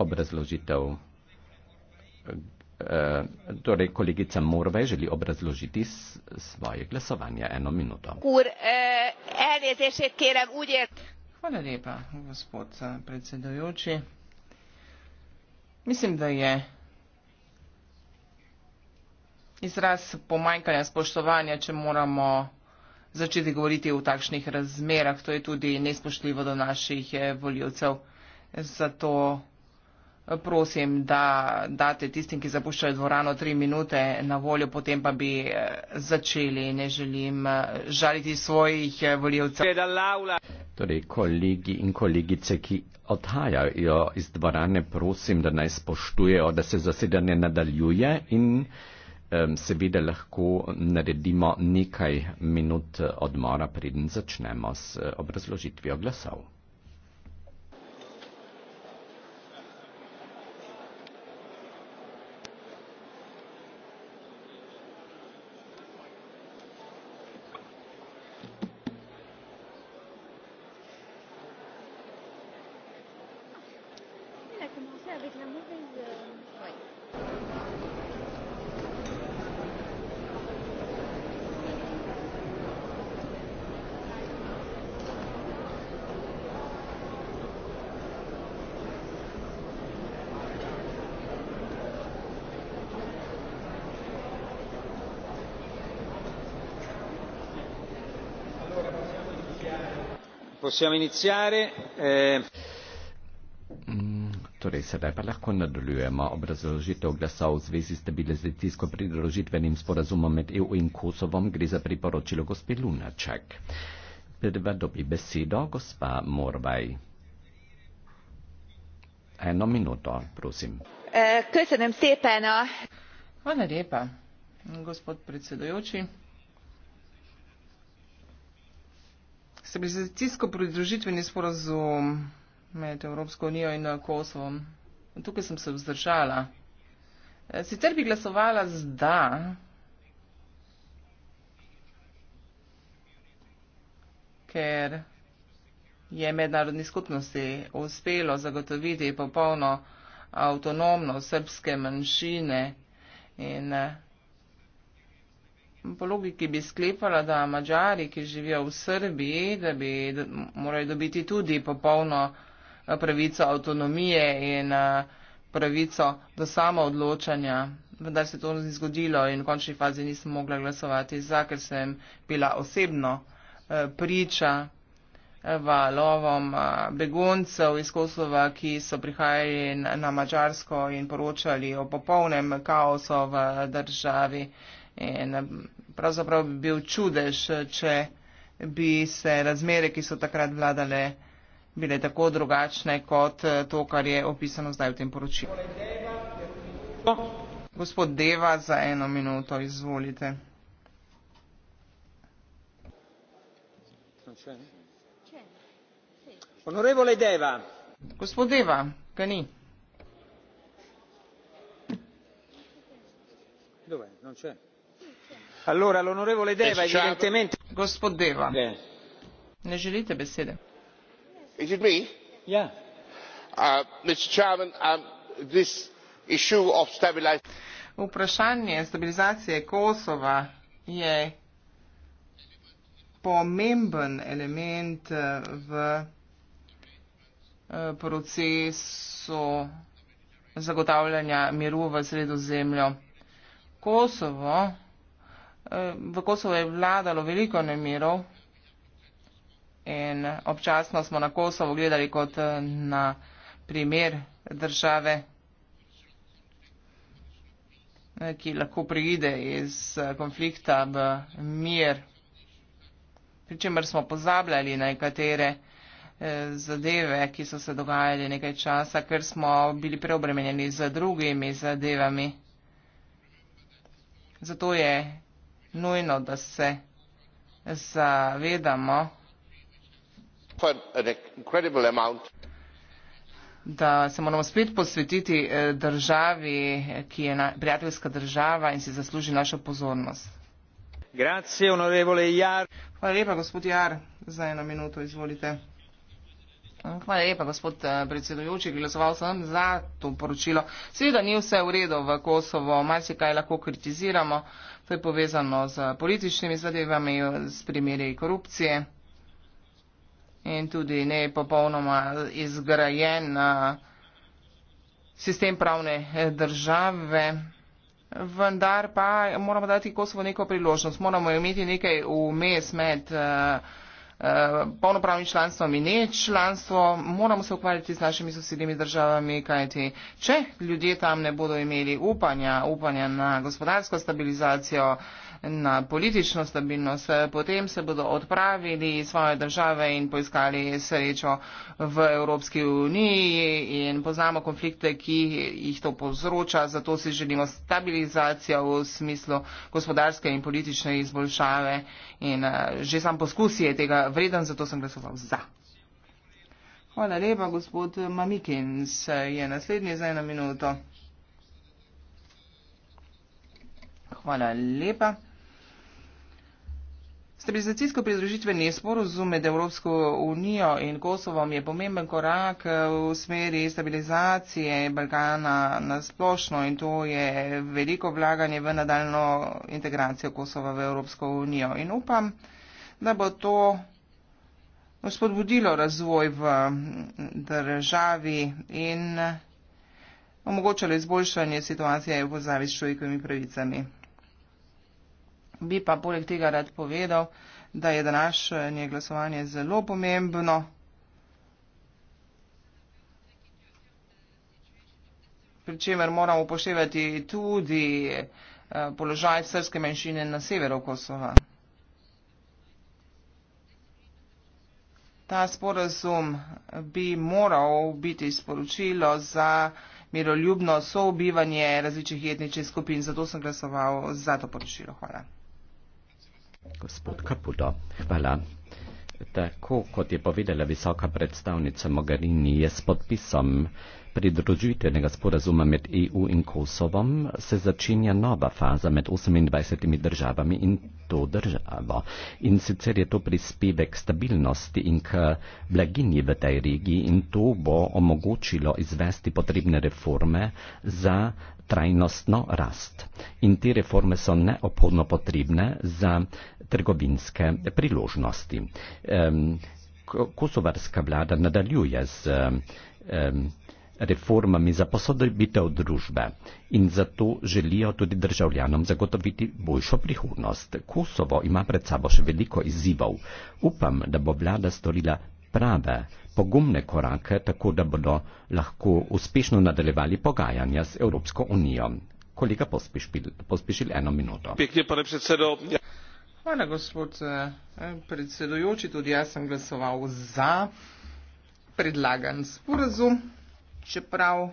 obrazložitev. Eh, torej, kolegica Morve želi obrazložiti svoje glasovanje eno minuto. Kur, eh, kérem, Hvala lepa, gospod eh, predsedojoči. Mislim, da je izraz pomanjkanja spoštovanja, če moramo začeti govoriti v takšnih razmerah. To je tudi nespoštljivo do naših eh, voljivcev. Zato prosim, da date tistim, ki zapuščajo dvorano, tri minute na voljo, potem pa bi eh, začeli. Ne želim eh, žaliti svojih eh, voljivcev. Torej, kolegi in kolegice, ki odhajajo iz dvorane, prosim, da naj spoštujejo, da se zasedanje nadaljuje in um, seveda lahko naredimo nekaj minut odmora, preden začnemo s obrazložitvijo glasov. possiamo iniziare. Eh. Mm, torej, sedaj pa lahko nadaljujemo obrazložitev glasa v zvezi s stabilizacijsko pridružitvenim sporazumom med EU in Kosovom. Gre za priporočilo gospe Lunaček. Prva dobi besedo gospa Morvaj. Eno minuto, prosim. E, eh, Kaj se nam sepena? Hvala lepa, gospod predsedujoči. stabilizacijsko pridružitveni sporazum med Evropsko unijo in Kosovom. Tukaj sem se vzdržala. E, sicer bi glasovala zda. ker je mednarodni skupnosti uspelo zagotoviti popolno avtonomnost srpske manjšine in po logiki bi sklepala, da Mačari, ki živijo v Srbiji, da bi morali dobiti tudi popolno eh, pravico avtonomije in eh, pravico do samoodločanja. Vendar se to ni zgodilo in v končni fazi nisem mogla glasovati za, ker sem bila osebno eh, priča valovom beguncev iz Kosova, ki so prihajali na Mačarsko in poročali o popolnem kaosu v državi. In eh, pravzaprav bi bil čudež, če bi se razmere, ki so takrat vladale, bile tako drugačne kot eh, to, kar je opisano zdaj v tem poročilu. Gospod Deva, za eno minuto izvolite. Honorevole Deva. Gospod Deva, ga ni. Dove, non c'è. Allora, l'onorevole Deva evidentemente... Gospod Deva, ne želite besede? Is it me? Yeah. Ja. Uh, Mr. Chairman, um, this issue of Vprašanje stabilizacije Kosova je pomemben element uh, v uh, procesu zagotavljanja miru v sredozemlju. Kosovo V Kosovo je vladalo veliko nemirov in občasno smo na Kosovo gledali kot eh, na primer države, eh, ki lahko pride iz eh, konflikta v mir, pri čemer smo pozabljali nekatere zadeve, ki so se dogajali nekaj časa, ker smo bili preobremenjeni z drugimi zadevami. Zato je nujno, da se zavedamo, da se moramo spet posvetiti eh, državi, ki je prijateljska država in si zasluži našo pozornost. Grazie, Hvala lepa, gospod Jar, za eno minuto izvolite. Hvala lepa, gospod eh, predsedujoči. Glasoval sem za to poročilo. Seveda ni vse v redu v Kosovo, marsikaj lahko kritiziramo. To je povezano z političnimi zadevami, s primeri korupcije in tudi ne popolnoma izgrajen eh, sistem pravne eh, države. Vendar pa moramo dati Kosovo neko priložnost, moramo imeti nekaj vmes med. Uh, Eh, polnopravnim članstvom in ne članstvo, moramo se ukvarjati z našimi sosednjimi državami, kajti če ljudje tam ne bodo imeli upanja, upanja na gospodarsko stabilizacijo, na politično stabilnost, potem se bodo odpravili iz svoje države in poiskali srečo v Evropski uniji in poznamo konflikte, ki jih to povzroča, zato si želimo stabilizacijo v smislu gospodarske in politične izboljšave in eh, že sam poskus je tega vreden, zato sem glasoval za. Hvala lepa, gospod Mamikins je naslednji za eno minuto. Hvala lepa. Stabilizacijsko pridružitveni sporozum med Evropsko unijo in Kosovom je pomemben korak eh, v smeri stabilizacije Balkana na splošno in to je veliko vlaganje v nadaljno integracijo Kosova v Evropsko unijo. In upam, da bo to spodbudilo razvoj v državi in omogočalo izboljšanje situacije v povezavi s človekovimi pravicami. Bi pa poleg tega rad povedal, da je današnje glasovanje zelo pomembno. Pričemer moramo upoštevati tudi eh, položaj srske manjšine na severu Kosova. Ta sporazum bi moral biti sporočilo za miroljubno soobivanje različnih etničnih skupin, zato sem glasoval za to poročilo. Hvala. Gospod Kapudo, hvala. Tako kot je povedala visoka predstavnica Mogherini, je s podpisom pridružitvenega sporazuma med EU in Kosovom se začenja nova faza med 28 državami in to državo. In sicer je to prispevek stabilnosti in k blaginji v tej regiji in to bo omogočilo izvesti potrebne reforme za trajnostno rast. In te reforme so neobhodno potrebne za trgovinske priložnosti. Kosovarska vlada nadaljuje z reformami za posodobitev družbe in zato želijo tudi državljanom zagotoviti boljšo prihodnost. Kosovo ima pred sabo še veliko izzivov. Upam, da bo vlada storila prave, pogumne korake, tako da bodo lahko uspešno nadaljevali pogajanja z Evropsko unijo. Kolega pospešil, pospešil eno minuto. Ja. Hvala, gospod eh, predsedujoči. Tudi jaz sem glasoval za predlagan sporazum, čeprav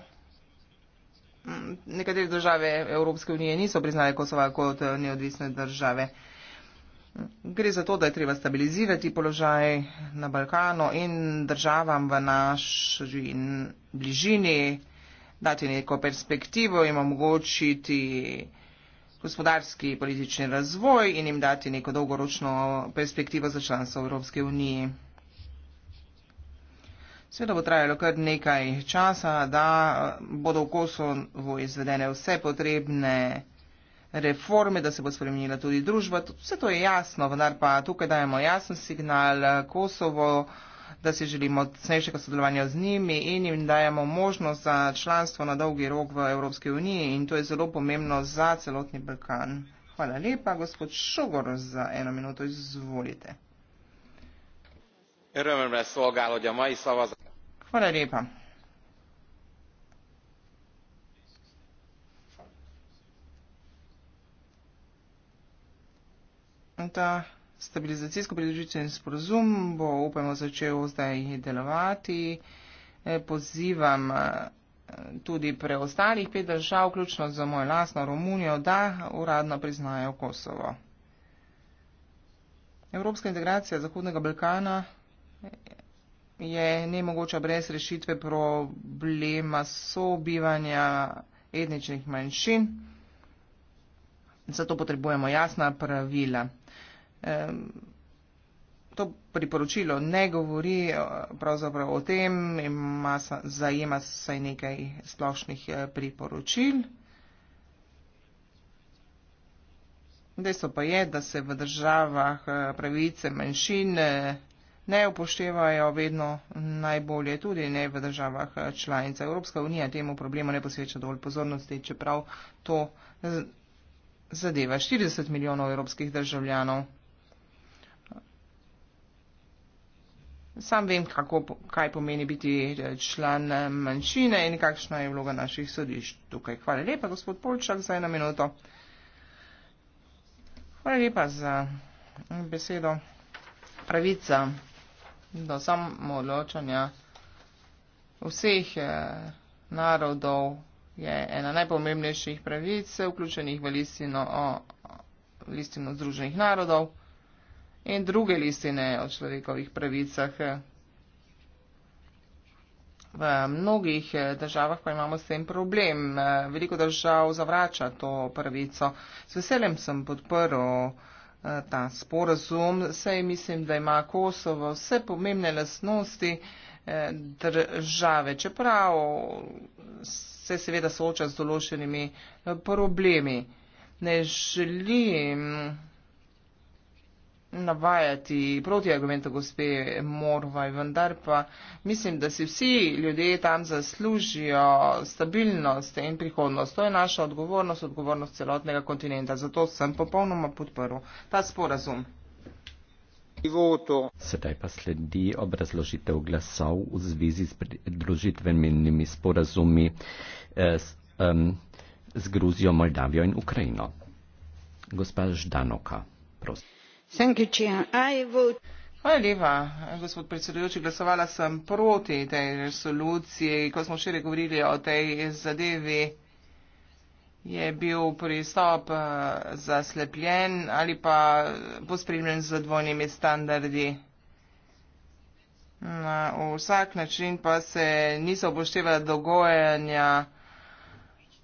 mm, nekatere države Evropske unije niso priznale Kosova kot eh, neodvisne države. Gre za to, da je treba stabilizirati položaj na Balkanu in državam v naši bližini, dati neko perspektivo in omogočiti gospodarski in politični razvoj in jim dati neko dolgoročno perspektivo za članstvo v Evropski uniji. Sveda bo trajalo kar nekaj časa, da bodo v Kosovo izvedene vse potrebne reforme, da se bo spremenila tudi družba. Vse to je jasno, vendar pa tukaj dajemo jasen signal eh, Kosovo, da si želimo cnejšega sodelovanja z njimi in jim dajemo možnost za članstvo na dolgi rok v Evropski uniji in to je zelo pomembno za celotni Balkan. Hvala lepa, gospod Šogor, za eno minuto izvolite. Hvala lepa. ta stabilizacijsko pridružitveni sporozum bo, upamo, začel zdaj delovati. E, pozivam e, tudi preostalih pet držav, vključno za mojo lasno Romunijo, da uradno priznajo Kosovo. Evropska integracija Zahodnega Balkana je nemogoča brez rešitve problema sobivanja etničnih manjšin. Zato potrebujemo jasna pravila. To priporočilo ne govori eh, pravzaprav o tem, ima, zajema saj nekaj splošnih eh, priporočil. Dejstvo pa je, da se v državah eh, pravice manjšin ne upoštevajo vedno najbolje, tudi ne v državah članica. Evropska unija temu problemu ne posveča dovolj pozornosti, čeprav to zadeva 40 milijonov evropskih državljanov. Sam vem, kako, kaj pomeni biti član manjšine in kakšna je vloga naših sodišč tukaj. Hvala lepa, gospod Polčak, za eno minuto. Hvala lepa za besedo. Pravica do samoodločanja vseh eh, narodov je ena najpomembnejših pravic vključenih v listino, o, listino Združenih narodov in druge listine o človekovih pravicah. V mnogih državah pa imamo s tem problem. Veliko držav zavrača to pravico. S veseljem sem podprl eh, ta sporazum. Sej mislim, da ima Kosovo vse pomembne lasnosti eh, države. Čeprav se seveda sooča z določenimi eh, problemi. Ne želim mm, navajati proti argumentu gospe Morvaj, vendar pa mislim, da si vsi ljudje tam zaslužijo stabilnost in prihodnost. To je naša odgovornost, odgovornost celotnega kontinenta. Zato sem popolnoma podprl ta sporazum. Sedaj pa sledi obrazložitev glasov v zvezi s pridružitvenimi sporazumi z, eh, um, z Gruzijo, Moldavijo in Ukrajino. Gospa Ždanoka, prosim. Hvala lepa, gospod predsedujoči. Glasovala sem proti tej resoluciji, ko smo še govorili o tej zadevi je bil pristop eh, zaslepljen ali pa pospremljen z dvojnimi standardi. Na vsak način pa se niso upoštevali dogojanja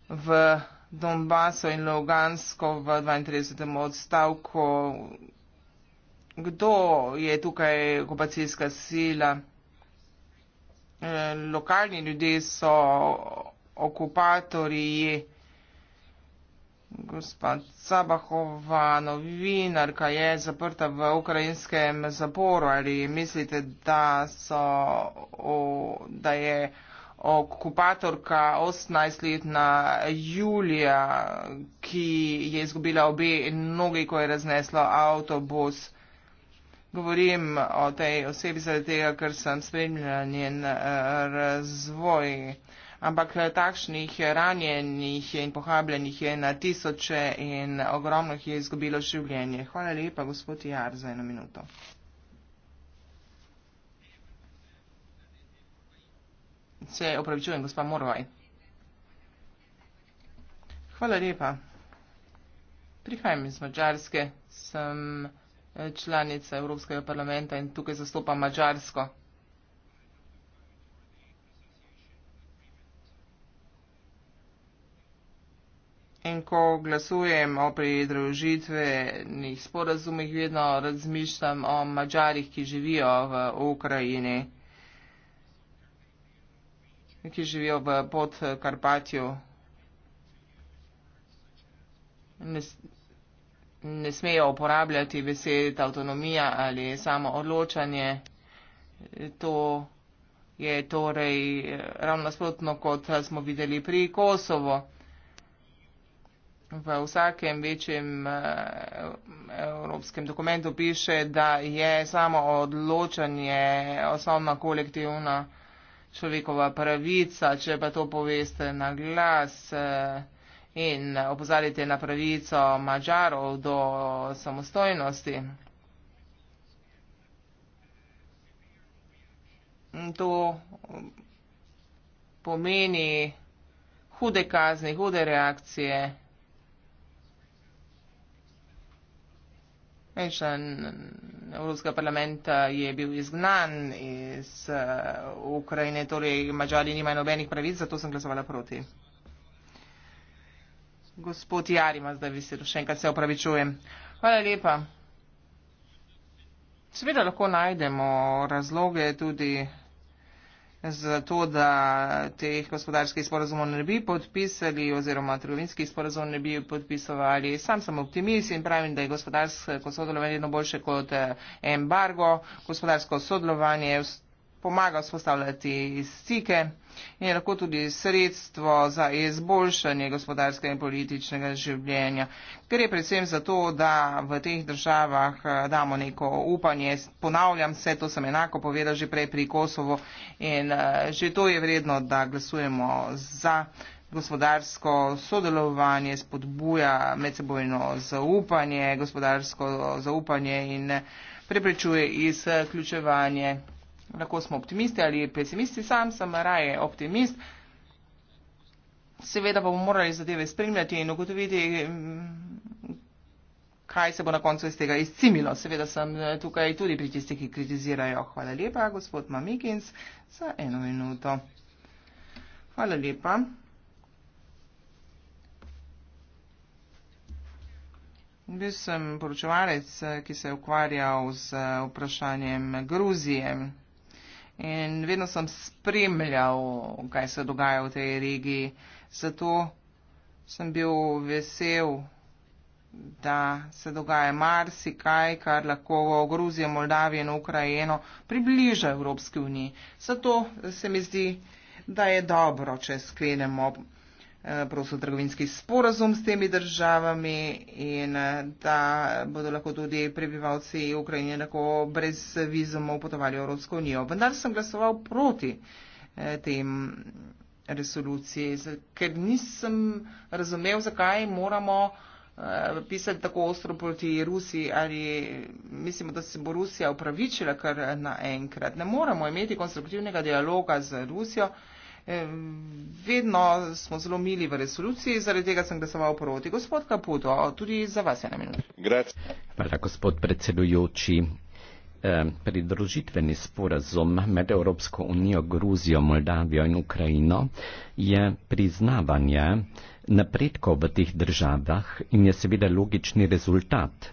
v Donbasu in Lugansko v 32. odstavku. Kdo je tukaj okupacijska sila? Eh, lokalni ljudje so okupatorji. Gospa Cabahova, novinarka je zaprta v ukrajinskem zaporu. Ali mislite, da, so, o, da je okupatorka 18-letna Julija, ki je izgubila obe nogi, ko je razneslo avtobus? Govorim o tej osebi zaradi tega, ker sem spremljala njen eh, razvoj ampak eh, takšnih ranjenih in pohabljenih je na tisoče in ogromno jih je izgubilo življenje. Hvala lepa, gospod Jar, za eno minuto. Se opravičujem, gospa Morvaj. Hvala lepa. Prihajam iz Mačarske, sem eh, članica Evropskega parlamenta in tukaj zastopam Mačarsko. potem, ko glasujem o pridružitvenih sporazumih, vedno razmišljam o mačarih, ki živijo v Ukrajini, ki živijo v podkarpatju. Ne, ne smejo uporabljati besed avtonomija ali samo odločanje. To je torej ravno nasprotno, kot smo videli pri Kosovo v vsakem večjem eh, evropskem dokumentu piše, da je samo odločanje osnovna kolektivna človekova pravica, če pa to poveste na glas eh, in opozarite na pravico Mačarov do samostojnosti. To pomeni hude kazni, hude reakcije. Član eh, Evropskega parlamenta je bil izgnan iz uh, Ukrajine, torej Mačari nimajo nobenih pravic, zato sem glasovala proti. Gospod Jarima, zdaj bi se še enkrat se opravičujem. Hvala lepa. Seveda lahko najdemo razloge tudi zato da teh gospodarskih sporazumov ne bi podpisali oziroma trgovinskih sporazumov ne bi podpisovali. Sam sem optimist in pravim, da je gospodarsko sodelovanje vedno boljše kot eh, embargo. Gospodarsko sodelovanje je pomaga vzpostavljati stike in je lahko tudi sredstvo za izboljšanje gospodarskega in političnega življenja. Ker je predvsem zato, da v teh državah eh, damo neko upanje, ponavljam se, to sem enako povedal že prej pri Kosovo in eh, že to je vredno, da glasujemo za gospodarsko sodelovanje, spodbuja medsebojno zaupanje, gospodarsko zaupanje in eh, preprečuje izključevanje lahko smo optimisti ali pesimisti, sam sem raje optimist. Seveda pa bomo morali zadeve spremljati in ugotoviti, mm, kaj se bo na koncu iz tega izcimilo. Seveda sem eh, tukaj tudi pri tistih, ki kritizirajo. Hvala lepa, gospod Mamikins, za eno minuto. Hvala lepa. Bil sem poročevalec, eh, ki se je ukvarjal z eh, vprašanjem Gruzije. In vedno sem spremljal, kaj se dogaja v tej regiji. Zato sem bil vesel, da se dogaja marsikaj, kar lahko Gruzijo, Moldavijo in Ukrajino približa Evropski uniji. Zato se mi zdi, da je dobro, če sklenemo Eh, prostotrgovinski sporazum s temi državami in da eh, bodo lahko tudi prebivalci Ukrajine lahko brez vizumov potovali v Evropsko unijo. Vendar sem glasoval proti eh, tem resoluciji, ker nisem razumel, zakaj moramo pisati tako ostro proti Rusiji ali mislimo, da se bo Rusija upravičila kar naenkrat. Ne moramo imeti konstruktivnega dialoga z Rusijo. Vedno smo zelo mili v resoluciji, zaradi tega sem glasoval proti. Gospod Kaputo, tudi za vas je na minuto. Hvala, gospod predsedujoči. Pridružitveni sporazum med Evropsko unijo, Gruzijo, Moldavijo in Ukrajino je priznavanje napredkov v teh državah in je seveda logični rezultat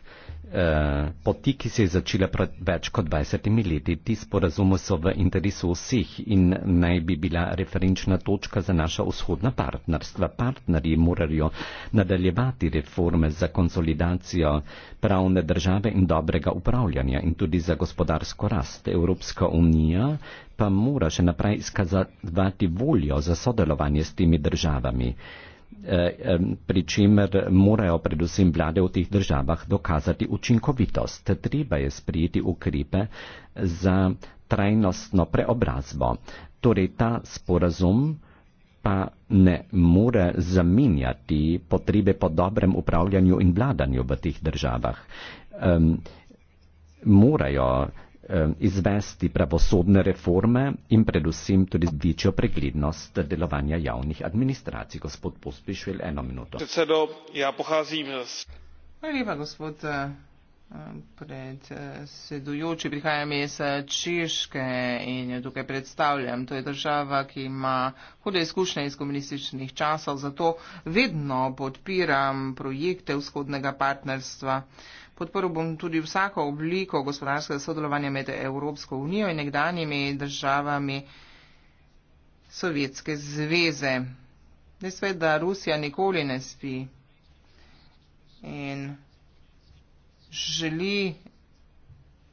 eh, poti, ki se je začela pred več kot 20 leti. Ti sporazumi so v interesu vseh in naj bi bila referenčna točka za naša vzhodna partnerstva. Partnerji morajo nadaljevati reforme za konsolidacijo pravne države in dobrega upravljanja in tudi za gospodarsko rast. Evropska unija pa mora še naprej izkazati voljo za sodelovanje s temi državami. Eh, pri čemer morajo predvsem vlade v teh državah dokazati učinkovitost. Treba je sprijeti ukrepe za trajnostno preobrazbo. Torej ta sporazum pa ne more zamenjati potrebe po dobrem upravljanju in vladanju v teh državah. Um, morajo Eh, izvesti pravosodne reforme in predvsem tudi večjo preglednost delovanja javnih administracij. Gospod Pospišil, eno minuto. Predsedo, ja, pohazim jaz. Hvala lepa, gospod eh, predsedujoči. Prihajam iz eh, Češke in jo tukaj predstavljam. To je država, ki ima hude izkušnje iz komunističnih časov, zato vedno podpiram projekte vzhodnega partnerstva. Podprl bom tudi vsako obliko gospodarskega sodelovanja med Evropsko unijo in nekdanjimi državami Sovjetske zveze. Dejstvo je, da Rusija nikoli ne spi in želi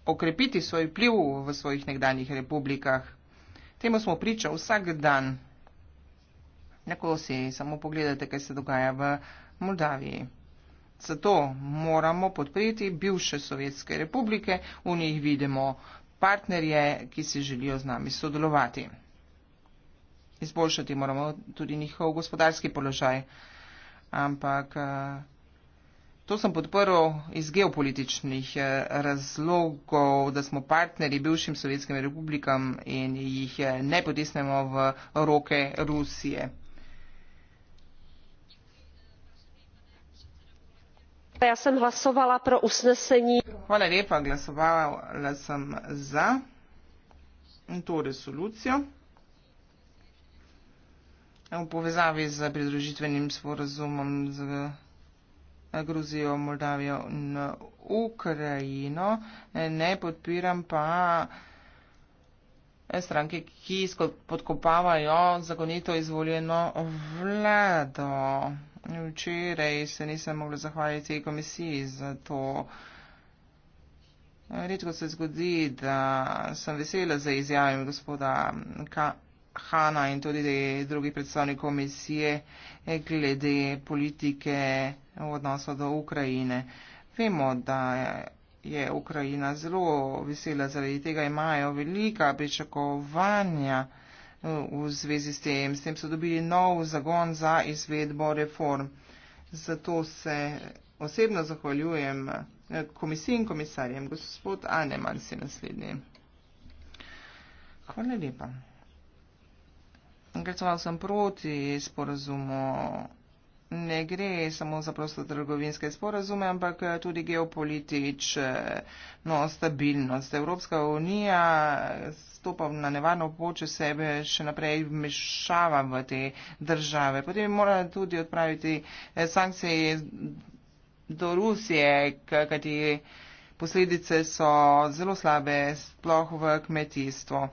okrepiti svoj vpliv v svojih nekdanjih republikah. Temu smo priča vsak dan. Nekolo si samo pogledate, kaj se dogaja v Moldaviji. Zato moramo podpreti bivše sovjetske republike, v njih vidimo partnerje, ki si želijo z nami sodelovati. Izboljšati moramo tudi njihov gospodarski položaj. Ampak eh, to sem podprl iz geopolitičnih eh, razlogov, da smo partneri bivšim sovjetskim republikam in jih eh, ne potisnemo v roke Rusije. já jsem hlasovala pro usnesení v povezavi z pridružitvenim sporazumom z eh, Gruzijo, Moldavijo in eh, Ukrajino. Eh, ne podpiram pa stranke, ki podkopavajo zakonito izvoljeno vlado včeraj se nisem mogla zahvaliti komisiji za to. Redko se zgodi, da sem vesela za izjave gospoda Ka Hana in tudi drugih predstavnikov komisije eh, glede politike v odnosu do Ukrajine. Vemo, da je Ukrajina zelo vesela, zaradi tega imajo velika pričakovanja v zvezi s tem. S tem so dobili nov zagon za izvedbo reform. Zato se osebno zahvaljujem eh, komisiji in komisarjem. Gospod Aneman si naslednji. Hvala lepa. Glasoval sem proti sporazumu ne gre samo za prosto trgovinske sporazume, ampak tudi geopolitično stabilnost. Evropska unija stopa na nevarno poče sebe še naprej mešava v te države. Potem mora tudi odpraviti sankcije do Rusije, kajti. Ka Posledice so zelo slabe, sploh v kmetijstvu.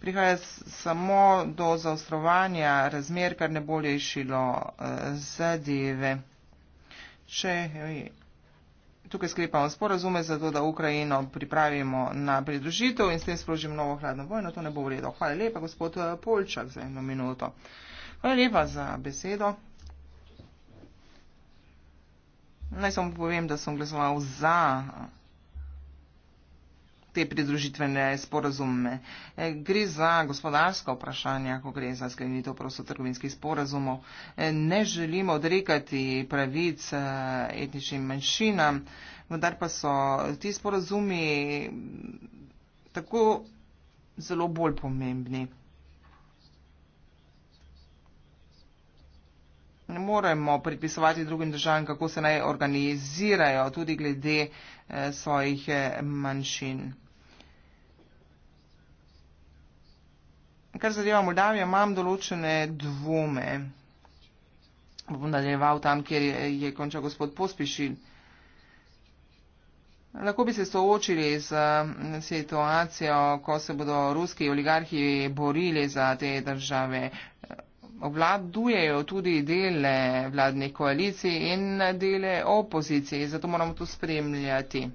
Prihaja samo do zaostrovanja razmer, kar ne bo rešilo eh, zadeve. Če eh, tukaj sklepamo sporazume za to, da Ukrajino pripravimo na pridružitev in s tem sprožimo novo hladno vojno, to ne bo v redu. Hvala lepa, gospod eh, Polčak, za eno minuto. Hvala lepa za besedo. Naj samo povem, da sem glasoval za te pridružitvene sporazume. E, gre za gospodarska vprašanja, ko gre za sklenitev prostotrgovinskih sporazumov. E, ne želimo odrekati pravic e, etničnim manjšinam, vendar pa so ti sporazumi tako zelo bolj pomembni. ne moremo predpisovati drugim državam, kako se naj organizirajo tudi glede eh, svojih eh, manjšin. Kar zadeva Moldavijo, imam določene dvome. Bom nadaljeval tam, kjer je končal gospod Pospišil. Lahko bi se soočili z mm, situacijo, ko se bodo ruski oligarhi borili za te države obladujejo tudi dele vladne koalicije in dele opozicije, zato moramo to spremljati.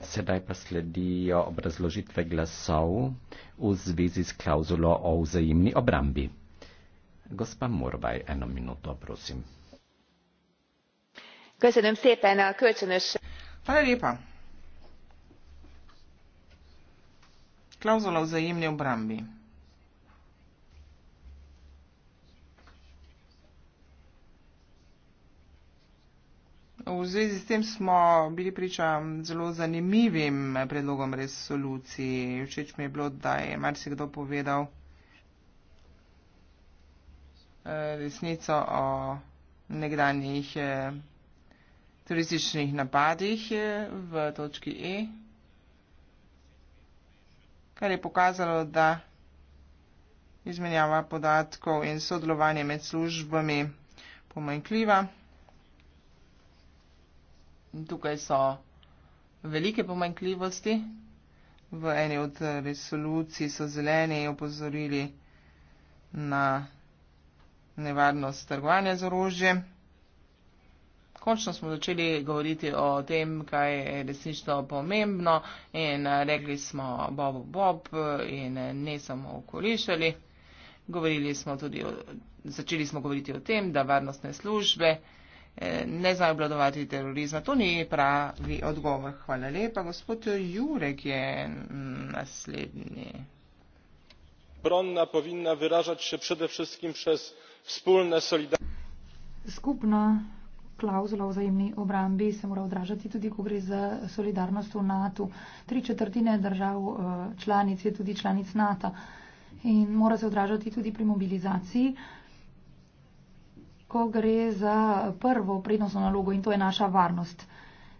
Sedaj pa sledijo obrazložitve glasov v zvezi s klauzulo o vzajemni obrambi. Gospa Morbaj, eno minuto, prosim. Hvala lepa. Klauzula o vzajemni obrambi. V zvezi s tem smo bili priča zelo zanimivim predlogom resoluciji. Všeč mi je bilo, da je marsikdo povedal eh, resnico o nekdanjih eh, turističnih napadih eh, v točki E, kar je pokazalo, da izmenjava podatkov in sodelovanje med službami pomanjkljiva tukaj so velike pomankljivosti. V eni od resolucij so zeleni opozorili na nevarnost trgovanja z orožje. Končno smo začeli govoriti o tem, kaj je resnično pomembno in rekli smo Bob Bob in ne samo okolišali. Govorili smo tudi, začeli smo govoriti o tem, da varnostne službe. Eh, ne znajo obladovati terorizma. To ni pravi odgovor. Hvala lepa. Gospod Jurek je naslednji. Bronna povinna viražati še predvsem vsem čez skupne solidarnosti. Skupna klauzula o vzajemni obrambi se mora odražati tudi, ko gre za solidarnost v NATO. Tri četrtine držav eh, članic je tudi članic NATO in mora se odražati tudi pri mobilizaciji ko gre za prvo prednostno nalogo in to je naša varnost.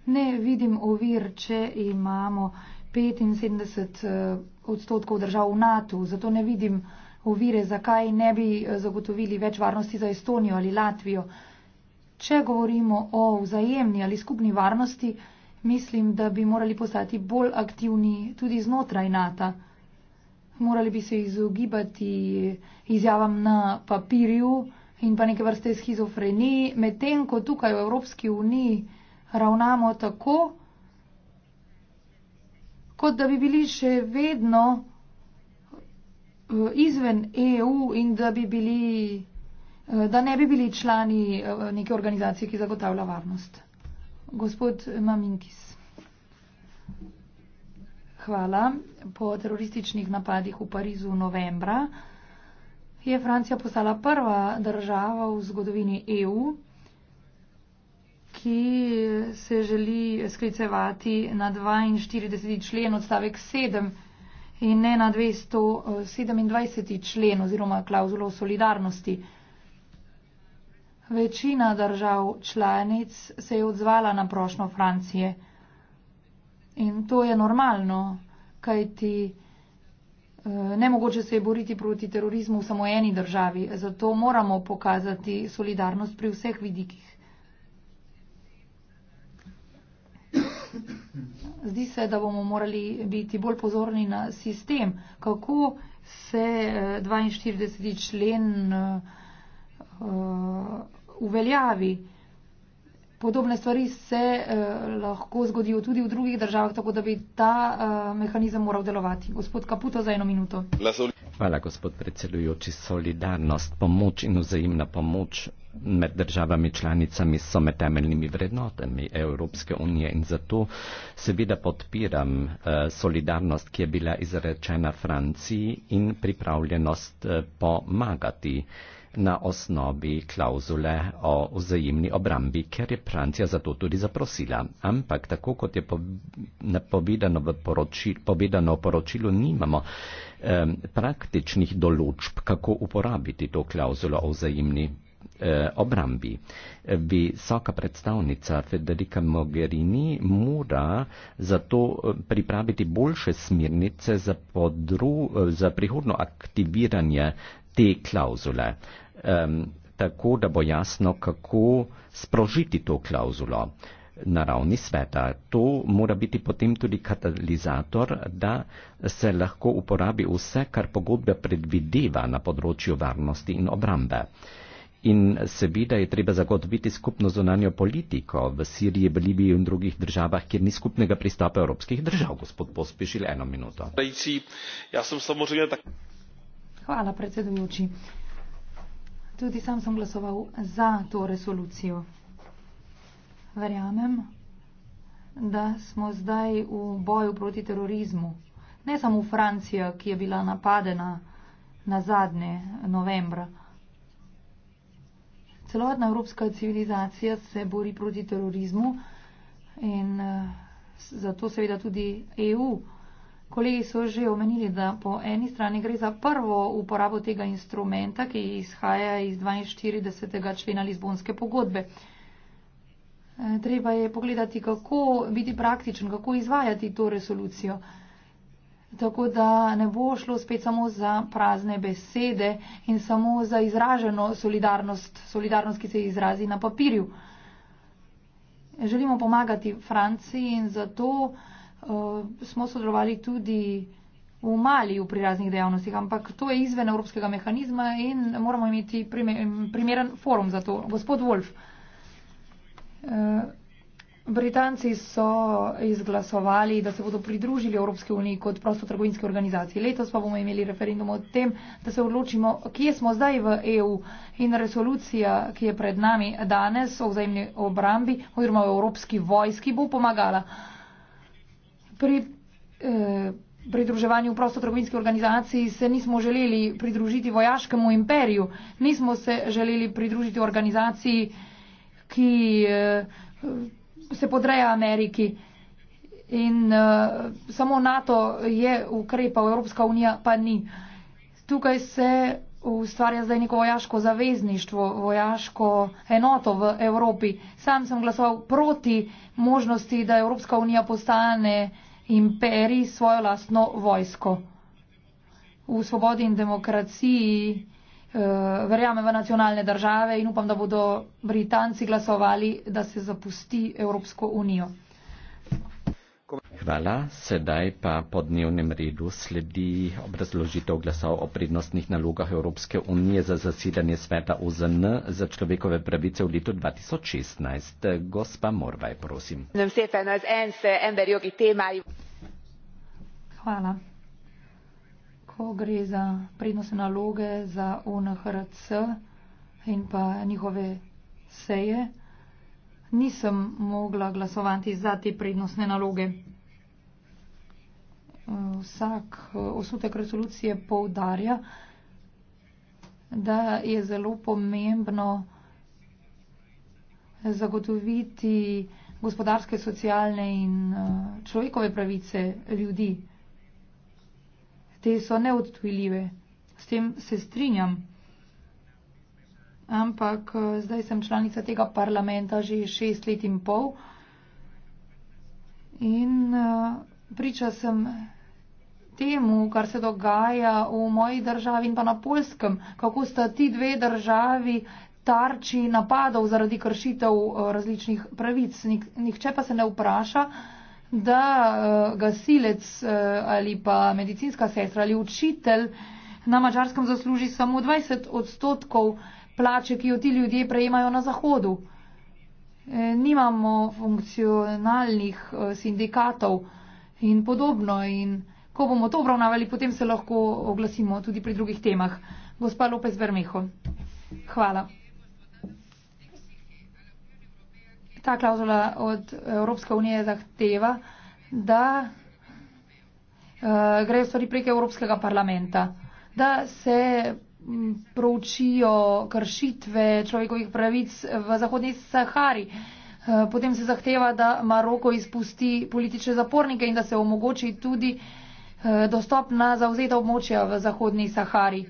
Ne vidim ovir, če imamo 75 eh, odstotkov držav v NATO, zato ne vidim ovire, zakaj ne bi eh, zagotovili več varnosti za Estonijo ali Latvijo. Če govorimo o vzajemni ali skupni varnosti, mislim, da bi morali postati bolj aktivni tudi znotraj NATO. Morali bi se izogibati izjavam na papirju, in pa neke vrste schizofreniji, medtem ko tukaj v Evropski uniji ravnamo tako, kot da bi bili še vedno eh, izven EU in da, bi bili, eh, da ne bi bili člani eh, neke organizacije, ki zagotavlja varnost. Gospod Maminkis. Hvala. Po terorističnih napadih v Parizu novembra je Francija postala prva država v zgodovini EU, ki se želi sklicevati na 42. člen odstavek 7 in ne na 227. člen oziroma klauzulo solidarnosti. Večina držav članic se je odzvala na prošno Francije. In to je normalno, kajti. Eh, nemogoče se je boriti proti terorizmu v samo eni državi, zato moramo pokazati solidarnost pri vseh vidikih. Zdi se, da bomo morali biti bolj pozorni na sistem, kako se 42. Eh, člen eh, uveljavi. Uh, uh, Podobne stvari se eh, lahko zgodijo tudi v drugih državah, tako da bi ta eh, mehanizem moral delovati. Gospod Kaputo, za eno minuto. Hvala, gospod predsedujoči. Solidarnost, pomoč in vzajemna pomoč med državami članicami so med temeljnimi vrednotami Evropske unije in zato seveda podpiram eh, solidarnost, ki je bila izrečena Franciji in pripravljenost eh, pomagati na osnovi klauzule o vzajemni obrambi, ker je Francija za to tudi zaprosila. Ampak tako kot je povedano, poročil, povedano v poročilu, nimamo eh, praktičnih določb, kako uporabiti to klauzulo o vzajemni e, obrambi. Visoka predstavnica Federica Mogherini mora zato e, pripraviti boljše smirnice za, podru, za prihodno aktiviranje te klauzule um, tako da bo jasno, kako sprožiti to klauzulo na ravni sveta. To mora biti potem tudi katalizator, da se lahko uporabi vse, kar pogodbe predvideva na področju varnosti in obrambe. In seveda je treba zagotoviti skupno zonanjo politiko v Siriji, v Libiji in drugih državah, kjer ni skupnega pristopa evropskih držav. Gospod Pospešil, eno minuto. Hvala, predsedujoči. Tudi sam sem glasoval za to resolucijo. Verjamem, da smo zdaj v boju proti terorizmu. Ne samo Francija, ki je bila napadena na zadnje novembra. Celotna evropska civilizacija se bori proti terorizmu in eh, zato seveda tudi EU. Kolegi so že omenili, da po eni strani gre za prvo uporabo tega instrumenta, ki izhaja iz 42. člena Lizbonske pogodbe. E, treba je pogledati, kako biti praktičen, kako izvajati to resolucijo. Tako da ne bo šlo spet samo za prazne besede in samo za izraženo solidarnost, solidarnost, ki se izrazi na papirju. Želimo pomagati Franciji in zato smo sodelovali tudi v Maliju pri raznih dejavnostih, ampak to je izven evropskega mehanizma in moramo imeti primeren forum za to. Gospod Wolf, e, Britanci so izglasovali, da se bodo pridružili Evropske unije kot prostotrgovinske organizacije. Letos pa bomo imeli referendum o tem, da se odločimo, kje smo zdaj v EU in resolucija, ki je pred nami danes o vzajemni obrambi oziroma o evropski vojski, bo pomagala. Uh, pri eh, pridruževanju v prostotrgovinski organizaciji se nismo želeli pridružiti vojaškemu imperiju, nismo se želeli pridružiti organizaciji, ki eh, se podreja Ameriki. In eh, samo NATO je ukrepal, Evropska unija pa ni. Tukaj se ustvarja zdaj neko vojaško zavezništvo, vojaško enoto v Evropi. Sam sem glasoval proti možnosti, da Evropska unija postane eh, imperij svojo lastno vojsko. V svobodi in demokraciji eh, verjame v nacionalne države in upam, da bodo Britanci glasovali, da se zapusti Evropsko unijo. Hvala. Sedaj pa po dnevnem redu sledi obrazložitev glasov o prednostnih nalogah Evropske unije za zasedanje sveta OZN za človekove pravice v letu 2016. Gospa Morvaj, prosim. Hvala. Ko gre za prednostne naloge za UNHRC in pa njihove seje, nisem mogla glasovati za te prednostne naloge. Vsak eh, osutek resolucije poudarja, da je zelo pomembno zagotoviti gospodarske, socialne in eh, človekove pravice ljudi. Te so neodtujljive. S tem se strinjam ampak eh, zdaj sem članica tega parlamenta že šest let in pol in eh, priča sem temu, kar se dogaja v moji državi in pa na Polskem, kako sta ti dve državi tarči napadov zaradi kršitev eh, različnih pravic. Nihče pa se ne vpraša, da gasilec ali pa medicinska sestra ali učitelj na mačarskem zasluži samo 20 odstotkov plače, ki jo ti ljudje prejemajo na zahodu. E, nimamo funkcionalnih e, sindikatov in podobno. In ko bomo to obravnavali, potem se lahko oglasimo tudi pri drugih temah. Gospa Lopez Bermeho. Hvala. Ta klauzula od Evropske unije zahteva, da uh, grejo stvari prek Evropskega parlamenta, da se Mm, proučijo kršitve človekovih pravic v Zahodni Sahari. Eh, potem se zahteva, da Maroko izpusti politične zapornike in da se omogoči tudi eh, dostop na zauzeta območja v Zahodni Sahari.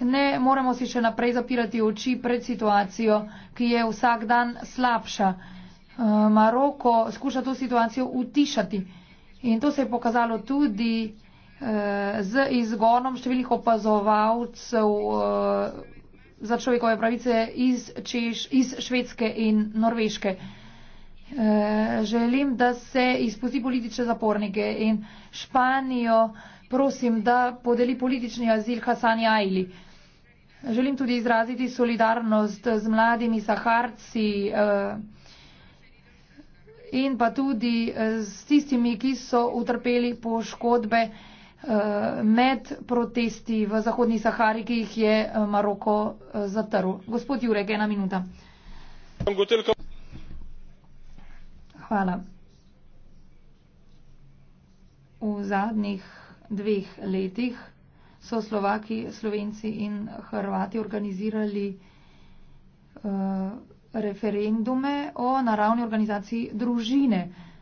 Ne moremo si še naprej zapirati oči pred situacijo, ki je vsak dan slabša. Eh, Maroko skuša to situacijo utišati. In to se je pokazalo tudi z izgonom številnih opazovalcev eh, za človekove pravice iz, Češ, iz Švedske in Norveške. Eh, želim, da se izpusti politične zapornike in Španijo prosim, da podeli politični azil Hasani Ajli. Želim tudi izraziti solidarnost z mladimi saharci eh, in pa tudi s tistimi, ki so utrpeli poškodbe. Eh, med protesti v Zahodni Sahari, ki jih je eh, Maroko eh, zatrl. Gospod Jurek, ena minuta. Hvala. V zadnjih dveh letih so Slovaki, Slovenci in Hrvati organizirali uh, referendume o naravni organizaciji družine. Uh,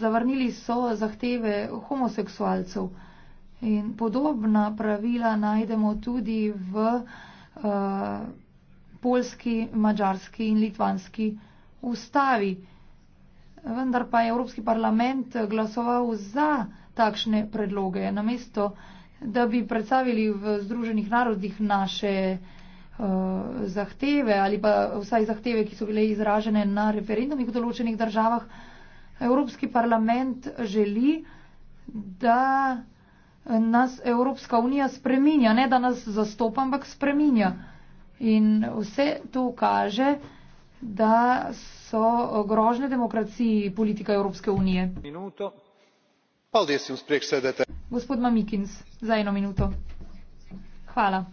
zavrnili so zahteve homoseksualcev. In podobna pravila najdemo tudi v uh, eh, polski, mađarski in litvanski ustavi. Vendar pa je Evropski parlament glasoval za takšne predloge, namesto da bi predstavili v Združenih narodih naše uh, zahteve ali pa vsaj zahteve, ki so bile izražene na referendumih v določenih državah, uh, Evropski parlament želi, da nas Evropska unija spreminja, ne da nas zastopa, ampak spreminja. In vse to kaže, da so grožne demokraciji politika Evropske unije. Minuto. Gospod Mamikins, za eno minuto. Hvala.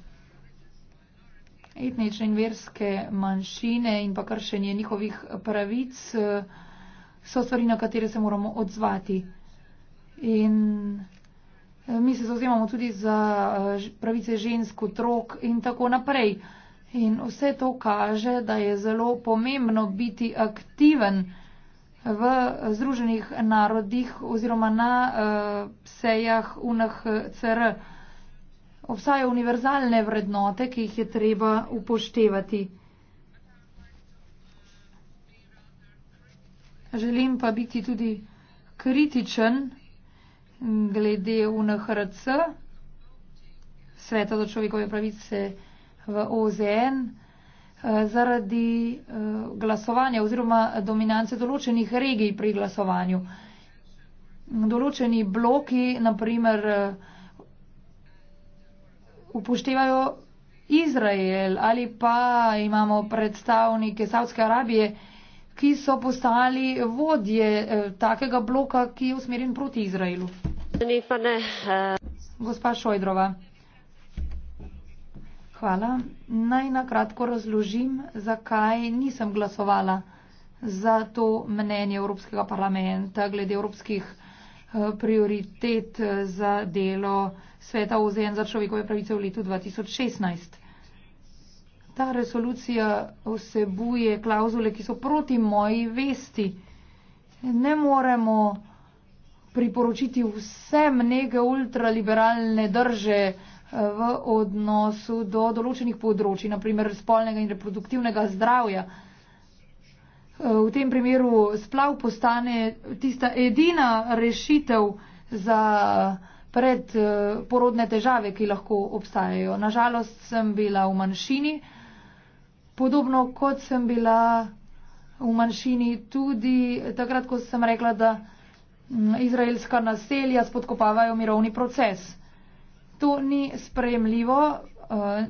Etnične in verske manjšine in pa kršenje njihovih pravic. Eh, so stvari, na katere se moramo odzvati. In eh, mi se zauzemamo tudi za eh, pravice žensk, otrok in tako naprej. In vse to kaže, da je zelo pomembno biti aktiven v Združenih narodih oziroma na uh, sejah UNHCR. Obstajajo univerzalne vrednote, ki jih je treba upoštevati. Želim pa biti tudi kritičen glede UNHRC, Sveta za človekove pravice v OZN, eh, zaradi eh, glasovanja oziroma dominance določenih regij pri glasovanju. Določeni bloki, naprimer, eh, upoštevajo Izrael ali pa imamo predstavnike Saudske Arabije, ki so postali vodje eh, takega bloka, ki je usmerjen proti Izraelu. Eh. Gospa Šojdrova. Hvala. Naj na kratko razložim, zakaj nisem glasovala za to mnenje Evropskega parlamenta glede evropskih eh, prioritet za delo sveta OZN za človekove pravice v letu 2016 ta resolucija vsebuje klauzule, ki so proti moji vesti. Ne moremo priporočiti vsem neke ultraliberalne drže eh, v odnosu do določenih področji, naprimer spolnega in reproduktivnega zdravja. Eh, v tem primeru splav postane tista edina rešitev za eh, predporodne težave, ki lahko obstajajo. Nažalost sem bila v manjšini podobno kot sem bila v manjšini tudi takrat, ko sem rekla, da mm, izraelska naselja spodkopavajo mirovni proces. To ni sprejemljivo, eh,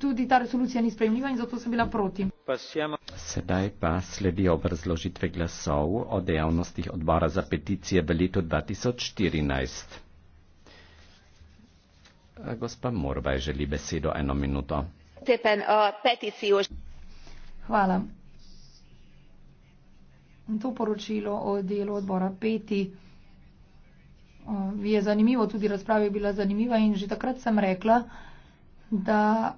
tudi ta resolucija ni sprejemljiva in zato sem bila proti. Sedaj pa sledijo obrazložitve glasov o dejavnostih odbora za peticije v letu 2014. Gospa Morbaj želi besedo eno minuto to poročilo o delu odbora peti je zanimivo, tudi razprava je bila zanimiva in že takrat sem rekla, da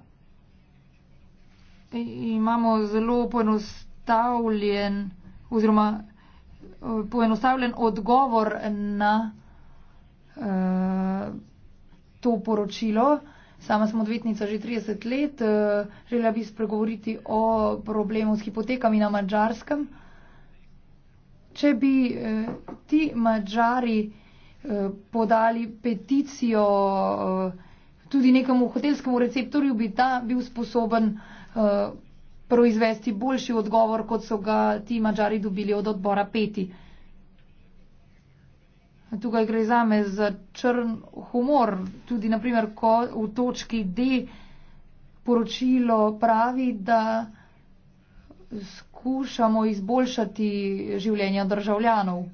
imamo zelo poenostavljen oziroma poenostavljen odgovor na eh, to poročilo. Sama sem odvetnica že 30 let, eh, želela bi spregovoriti o problemu s hipotekami na mačarskem. Če bi eh, ti mačari eh, podali peticijo tudi nekemu hotelskemu receptorju, bi ta bil sposoben proizvesti boljši odgovor, kot so ga ti mačari dobili od odbora peti. Tukaj gre za me za črn humor. Tudi, naprimer, ko v točki D poročilo pravi, da skušamo izboljšati življenja državljanov.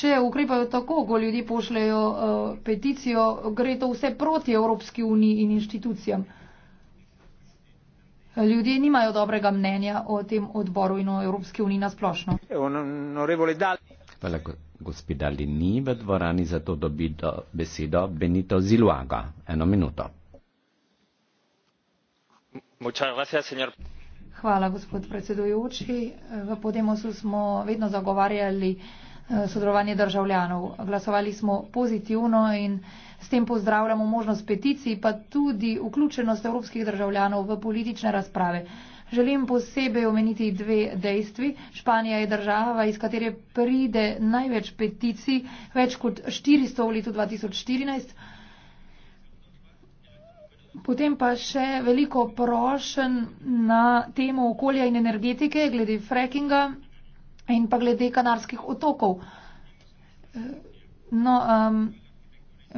Če ukrepajo tako, ko ljudje pošljajo uh, eh, peticijo, gre to vse proti Evropski uniji in inštitucijam. Ljudje nimajo dobrega mnenja o tem odboru in o Evropski uniji nasplošno. No, Hvala, gospod Dali, ni v dvorani, zato dobi do besedo Benito Ziluaga. Eno minuto. Hvala, gospod predsedujoči. V Podemosu smo vedno zagovarjali Eh, sodelovanje državljanov. Glasovali smo pozitivno in s tem pozdravljamo možnost peticij, pa tudi vključenost evropskih državljanov v politične razprave. Želim posebej omeniti dve dejstvi. Španija je država, iz katere pride največ peticij, več kot 400 v letu 2014. Potem pa še veliko prošen na temo okolja in energetike glede frackinga in pa glede kanarskih otokov. No, um,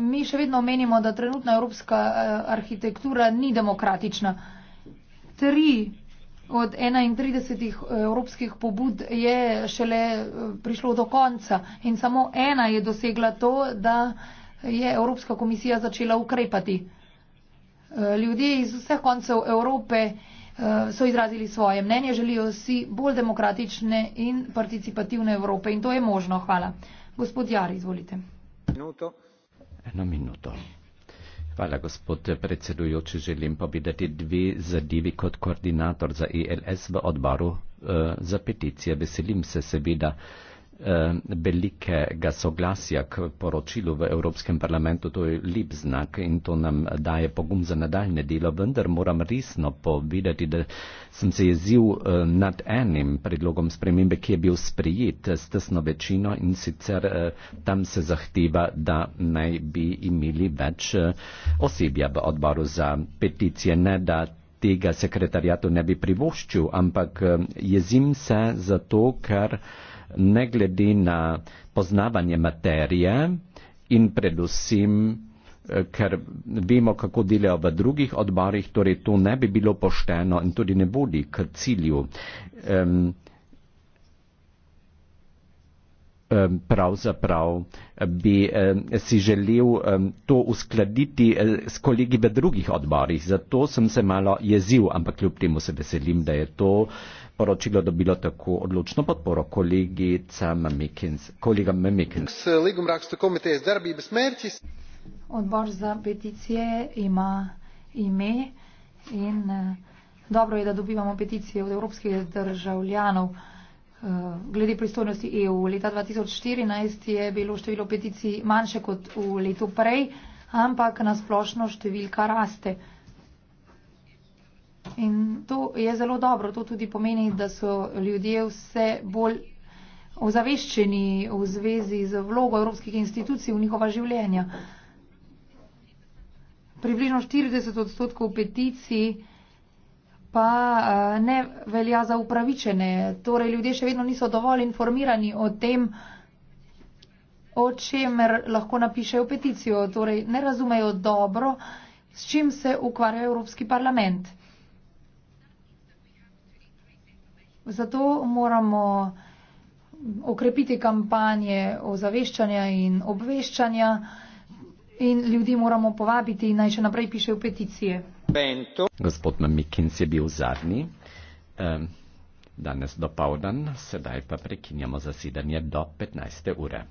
mi še vedno menimo, da trenutna evropska eh, arhitektura ni demokratična. Tri od 31 eh, evropskih pobud je šele eh, prišlo do konca in samo ena je dosegla to, da je Evropska komisija začela ukrepati. Ljudje iz vseh koncev Evrope. Eh, so izrazili svoje mnenje, želijo si bolj demokratične in participativne Evrope in to je možno. Hvala. Gospod Jar, izvolite. Minuto. Eno minuto. Hvala, gospod predsedujoči. Želim povedati dve zadevi kot koordinator za ILS e v odboru uh, za peticije. Veselim se seveda. Uh, Eh, velikega soglasja k poročilu v Evropskem parlamentu, to je lep znak in to nam daje pogum za nadaljne delo, vendar moram resno povedati, da sem se jezil eh, nad enim predlogom spremembe, ki je bil sprejet s tesno večino in sicer eh, tam se zahteva, da naj bi imeli več osebja v odboru za peticije, ne da tega sekretarjatu ne bi privoščil, ampak jezim se zato, ker ne glede na poznavanje materije in predvsem, eh, ker vemo, kako delajo v drugih odborih, torej to ne bi bilo pošteno in tudi ne bodi k cilju. Um, pravzaprav eh, bi eh, si želel eh, to uskladiti eh, s kolegi v drugih odborih. Zato sem se malo jezil, ampak kljub temu se veselim, da je to eh, poročilo dobilo tako odločno podporo kolegama Mikins. Odbor za peticije ima ime in eh, dobro je, da dobivamo peticije od evropskih državljanov. Eh, glede pristojnosti EU, leta 2014 je bilo število peticij manjše kot v letu prej, ampak nasplošno številka raste. In to je zelo dobro. To tudi pomeni, da so ljudje vse bolj ozaveščeni v zvezi z vlogo evropskih institucij v njihova življenja. Približno 40 odstotkov peticij pa eh, ne velja za upravičene. Torej, ljudje še vedno niso dovolj informirani o tem, o čemer lahko napišejo peticijo. Torej, ne razumejo dobro, s čim se ukvarja Evropski parlament. Zato moramo okrepiti kampanje ozaveščanja in obveščanja in ljudi moramo povabiti in naj še naprej pišejo peticije. Bento. Gospod Mamikins je bil zadnji. Danes do povdan, sedaj pa prekinjamo zasedanje do 15. ure.